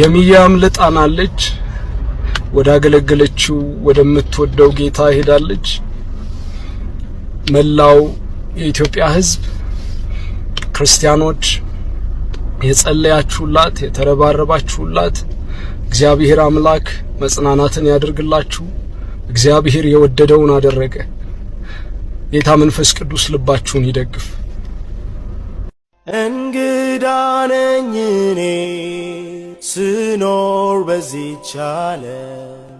የሚያም ልጣናለች። ወዳገለገለችው ወደምትወደው ጌታ ሄዳለች። መላው የኢትዮጵያ ሕዝብ ክርስቲያኖች የጸለያችሁላት የተረባረባችሁላት እግዚአብሔር አምላክ መጽናናትን ያደርግላችሁ። እግዚአብሔር የወደደውን አደረገ። ጌታ መንፈስ ቅዱስ ልባችሁን ይደግፍ። እንግዳ ነኝ እኔ ስኖር በዚች ዓለም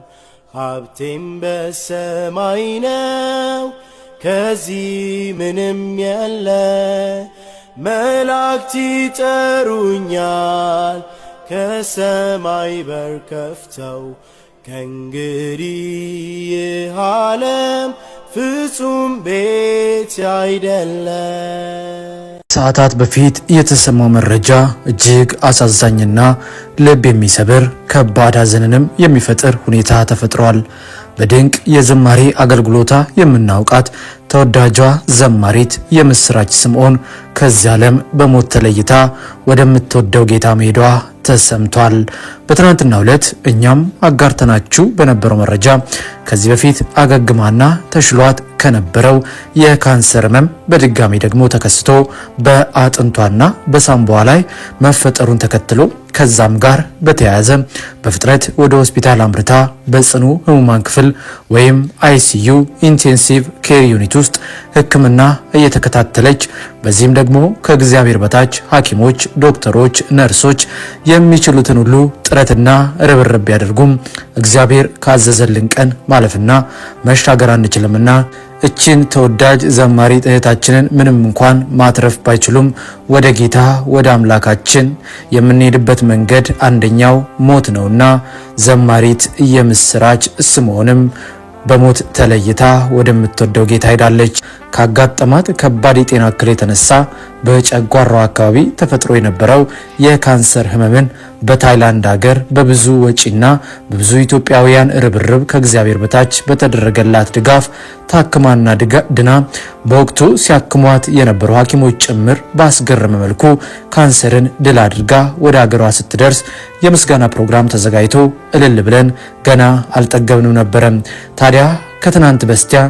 ሀብቴም በሰማይ ነው፣ ከዚህ ምንም የለ። መላእክት ይጠሩኛል ከሰማይ በር ከፍተው፣ ከእንግዲህ ይህ ዓለም ፍጹም ቤት አይደለም። ሰዓታት በፊት የተሰማው መረጃ እጅግ አሳዛኝና ልብ የሚሰብር ከባድ ሐዘንንም የሚፈጥር ሁኔታ ተፈጥሯል። በድንቅ የዝማሬ አገልግሎታ የምናውቃት ተወዳጇ ዘማሪት የምስራች ስምዖን ከዚህ ዓለም በሞት ተለይታ ወደምትወደው ጌታ መሄዷ ተሰምቷል። በትናንትናው ዕለት እኛም አጋርተናችሁ በነበረው መረጃ ከዚህ በፊት አገግማና ተሽሏት ከነበረው የካንሰር ህመም በድጋሚ ደግሞ ተከስቶ በአጥንቷና በሳምቧ ላይ መፈጠሩን ተከትሎ ከዛም ጋር በተያያዘ በፍጥረት ወደ ሆስፒታል አምርታ በጽኑ ህሙማን ክፍል ወይም አይሲዩ ኢንቴንሲቭ ኬር ዩኒት ውስጥ ህክምና እየተከታተለች በዚህም ደግሞ ከእግዚአብሔር በታች ሐኪሞች፣ ዶክተሮች፣ ነርሶች የሚችሉትን ሁሉ ጥረትና ርብርብ ቢያደርጉም እግዚአብሔር ካዘዘልን ቀን ማለፍና መሻገር አንችልምና እችን ተወዳጅ ዘማሪ እህታችንን ምንም እንኳን ማትረፍ ባይችሉም ወደ ጌታ ወደ አምላካችን የምንሄድበት መንገድ አንደኛው ሞት ነውና ዘማሪት የምስራች ስምዖንም በሞት ተለይታ ወደምትወደው ጌታ ሄዳለች። ካጋጠማት ከባድ የጤና እክል የተነሳ በጨጓራው አካባቢ ተፈጥሮ የነበረው የካንሰር ህመምን በታይላንድ ሀገር በብዙ ወጪና በብዙ ኢትዮጵያውያን ርብርብ ከእግዚአብሔር በታች በተደረገላት ድጋፍ ታክማና ድና በወቅቱ ሲያክሟት የነበሩ ሐኪሞች ጭምር ባስገረመ መልኩ ካንሰርን ድል አድርጋ ወደ ሀገሯ ስትደርስ የምስጋና ፕሮግራም ተዘጋጅቶ እልል ብለን ገና አልጠገብንም ነበረም ታዲያ ከትናንት በስቲያ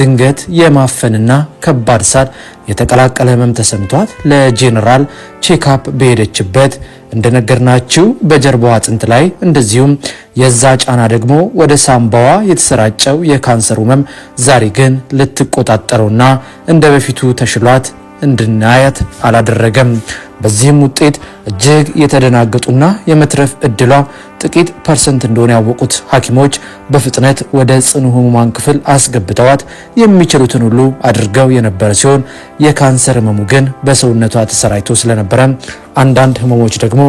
ድንገት የማፈንና ከባድ ሳል የተቀላቀለ ህመም ተሰምቷት ለጄኔራል ቼካፕ በሄደችበት እንደነገርናችሁ በጀርባዋ አጥንት ላይ እንደዚሁም የዛ ጫና ደግሞ ወደ ሳምባዋ የተሰራጨው የካንሰር ህመም ዛሬ ግን ልትቆጣጠረውና እንደ በፊቱ ተሽሏት እንድናያት አላደረገም። በዚህም ውጤት እጅግ የተደናገጡና የመትረፍ እድሏ ጥቂት ፐርሰንት እንደሆነ ያወቁት ሐኪሞች በፍጥነት ወደ ጽኑ ህሙማን ክፍል አስገብተዋት የሚችሉትን ሁሉ አድርገው የነበረ ሲሆን የካንሰር ህመሙ ግን በሰውነቷ ተሰራጭቶ ስለነበረ አንዳንድ ህመሞች ደግሞ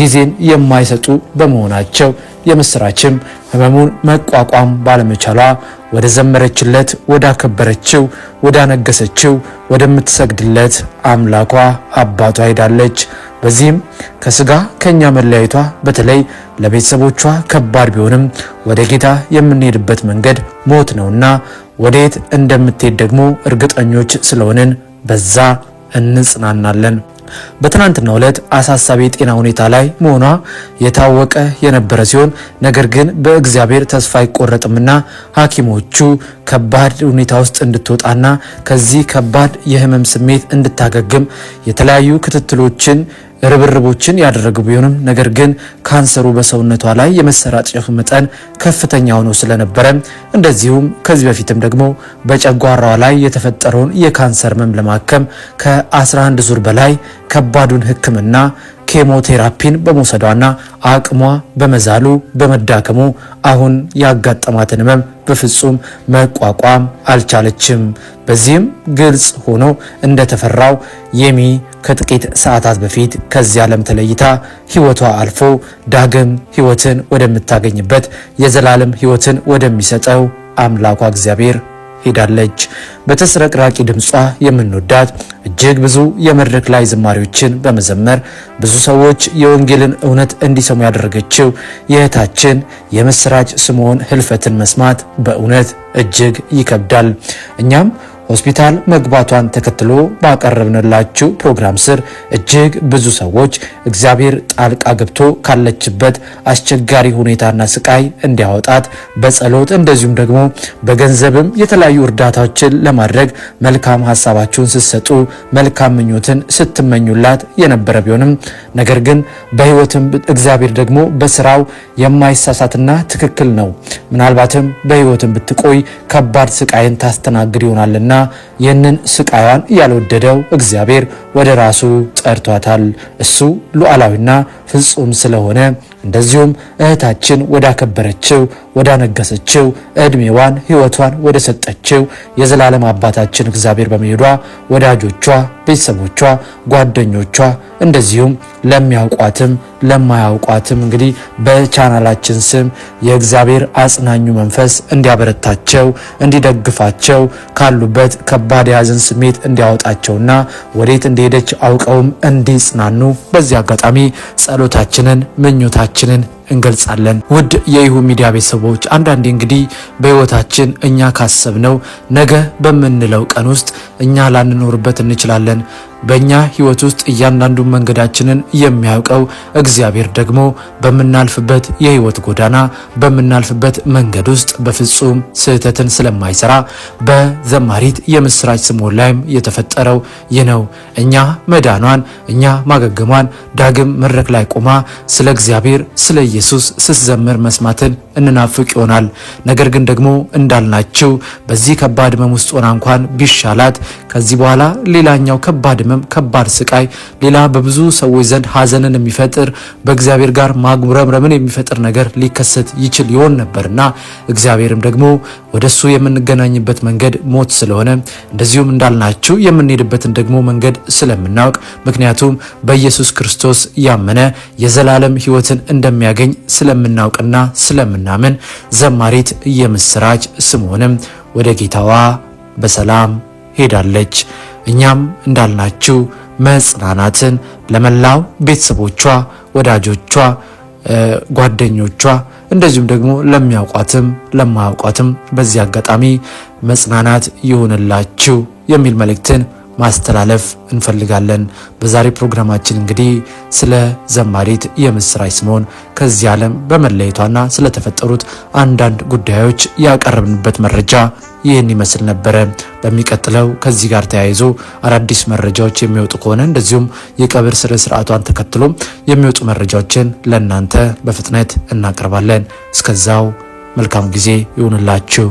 ጊዜን የማይሰጡ በመሆናቸው የምስራችም ህመሙን መቋቋም ባለመቻሏ ወደ ዘመረችለት ወዳከበረችው ወዳነገሰችው ወደምትሰግድለት አምላኳ አባቷ ሄዳለች። ትሆናለች። በዚህም ከስጋ ከኛ መለያየቷ በተለይ ለቤተሰቦቿ ከባድ ቢሆንም ወደ ጌታ የምንሄድበት መንገድ ሞት ነውና ወዴት እንደምትሄድ ደግሞ እርግጠኞች ስለሆንን በዛ እንጽናናለን። በትናንትናው ዕለት አሳሳቢ የጤና ሁኔታ ላይ መሆኗ የታወቀ የነበረ ሲሆን ነገር ግን በእግዚአብሔር ተስፋ አይቆረጥምና ሐኪሞቹ ከባድ ሁኔታ ውስጥ እንድትወጣና ከዚህ ከባድ የህመም ስሜት እንድታገግም የተለያዩ ክትትሎችን ርብርቦችን ያደረጉ ቢሆንም ነገር ግን ካንሰሩ በሰውነቷ ላይ የመሰራጨቱ መጠን ከፍተኛ ሆኖ ስለነበረ እንደዚሁም ከዚህ በፊትም ደግሞ በጨጓራዋ ላይ የተፈጠረውን የካንሰር ህመም ለማከም ከ11 ዙር በላይ ከባዱን ህክምና። ኬሞቴራፒን በመውሰዷና አቅሟ በመዛሉ በመዳከሙ አሁን ያጋጠማትን ህመም በፍጹም መቋቋም አልቻለችም። በዚህም ግልጽ ሆኖ እንደተፈራው የሚ ከጥቂት ሰዓታት በፊት ከዚህ ዓለም ተለይታ ህይወቷ አልፎ ዳግም ህይወትን ወደምታገኝበት የዘላለም ህይወትን ወደሚሰጠው አምላኳ እግዚአብሔር ሄዳለች። በተስረቅራቂ ድምጿ የምንወዳት እጅግ ብዙ የመድረክ ላይ ዝማሬዎችን በመዘመር ብዙ ሰዎች የወንጌልን እውነት እንዲሰሙ ያደረገችው የእህታችን የምስራች ስምዖን ህልፈትን መስማት በእውነት እጅግ ይከብዳል። እኛም ሆስፒታል መግባቷን ተከትሎ ባቀረብንላችሁ ፕሮግራም ስር እጅግ ብዙ ሰዎች እግዚአብሔር ጣልቃ ገብቶ ካለችበት አስቸጋሪ ሁኔታና ስቃይ እንዲያወጣት በጸሎት እንደዚሁም ደግሞ በገንዘብም የተለያዩ እርዳታዎችን ለማድረግ መልካም ሀሳባችሁን ስትሰጡ መልካም ምኞትን ስትመኙላት የነበረ ቢሆንም ነገር ግን በህይወትም እግዚአብሔር ደግሞ በስራው የማይሳሳትና ትክክል ነው። ምናልባትም በህይወትም ብትቆይ ከባድ ስቃይን ታስተናግድ ይሆናልና ይህንን ስቃያን ያልወደደው እግዚአብሔር ወደ ራሱ ጠርቷታል። እሱ ሉዓላዊና ፍጹም ስለሆነ እንደዚሁም እህታችን ወዳከበረችው ወዳነገሰችው እድሜዋን ህይወቷን ወደ ሰጠችው የዘላለም አባታችን እግዚአብሔር በመሄዷ ወዳጆቿ፣ ቤተሰቦቿ፣ ጓደኞቿ እንደዚሁም ለሚያውቋትም ለማያውቋትም እንግዲህ በቻናላችን ስም የእግዚአብሔር አጽናኙ መንፈስ እንዲያበረታቸው እንዲደግፋቸው ካሉበት ከባድ የሐዘን ስሜት እንዲያወጣቸውና ወዴት እንዲ እንደሄደች አውቀውም እንዲጽናኑ በዚህ አጋጣሚ ጸሎታችንን ምኞታችንን እንገልጻለን። ውድ የይሁ ሚዲያ ቤተሰቦች አንዳንዴ እንግዲህ በህይወታችን እኛ ካሰብነው ነገ በምንለው ቀን ውስጥ እኛ ላንኖርበት እንችላለን። በእኛ ሕይወት ውስጥ እያንዳንዱን መንገዳችንን የሚያውቀው እግዚአብሔር ደግሞ በምናልፍበት የሕይወት ጎዳና በምናልፍበት መንገድ ውስጥ በፍጹም ስህተትን ስለማይሰራ በዘማሪት የምስራች ስምኦን ላይም የተፈጠረው ይህ ነው። እኛ መዳኗን እኛ ማገገሟን ዳግም መድረክ ላይ ቆማ ስለ እግዚአብሔር ስለ ኢየሱስ ስትዘምር መስማትን እንናፍቅ ይሆናል። ነገር ግን ደግሞ እንዳልናችው በዚህ ከባድ ህመም ውስጥ ሆና እንኳን ቢሻላት ከዚህ በኋላ ሌላኛው ከባድ ህመም፣ ከባድ ስቃይ፣ ሌላ በብዙ ሰዎች ዘንድ ሀዘንን የሚፈጥር በእግዚአብሔር ጋር ማጉረምረምን የሚፈጥር ነገር ሊከሰት ይችል ይሆን ነበርና እግዚአብሔርም ደግሞ ወደሱ የምንገናኝበት መንገድ ሞት ስለሆነ እንደዚሁም እንዳልናችሁ የምንሄድበትን ደግሞ መንገድ ስለምናውቅ ምክንያቱም በኢየሱስ ክርስቶስ ያመነ የዘላለም ህይወትን እንደሚያገኝ ስለምናውቅና ስለምና የምናምን ዘማሪት የምስራች ስምዖንም ወደ ጌታዋ በሰላም ሄዳለች። እኛም እንዳልናችሁ መጽናናትን ለመላው ቤተሰቦቿ፣ ወዳጆቿ፣ ጓደኞቿ እንደዚሁም ደግሞ ለሚያውቋትም ለማያውቋትም በዚህ አጋጣሚ መጽናናት ይሆንላችሁ የሚል መልእክትን ማስተላለፍ እንፈልጋለን። በዛሬ ፕሮግራማችን እንግዲህ ስለ ዘማሪት የምስራች ስምኦን ከዚህ ዓለም በመለየቷና ስለተፈጠሩት አንዳንድ ጉዳዮች ያቀረብንበት መረጃ ይህን ይመስል ነበረ። በሚቀጥለው ከዚህ ጋር ተያይዞ አዳዲስ መረጃዎች የሚወጡ ከሆነ እንደዚሁም የቀብር ስነ ስርዓቷን ተከትሎ የሚወጡ መረጃዎችን ለእናንተ በፍጥነት እናቀርባለን። እስከዛው መልካም ጊዜ ይሁንላችሁ።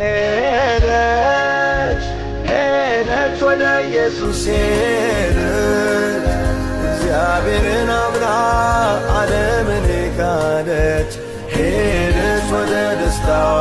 ሄደች ሄደች ወደ ኢየሱስ ሄደች እግዚአብሔርን አምና ዓለምን ካደች ሄደች ወደ ደስታዋ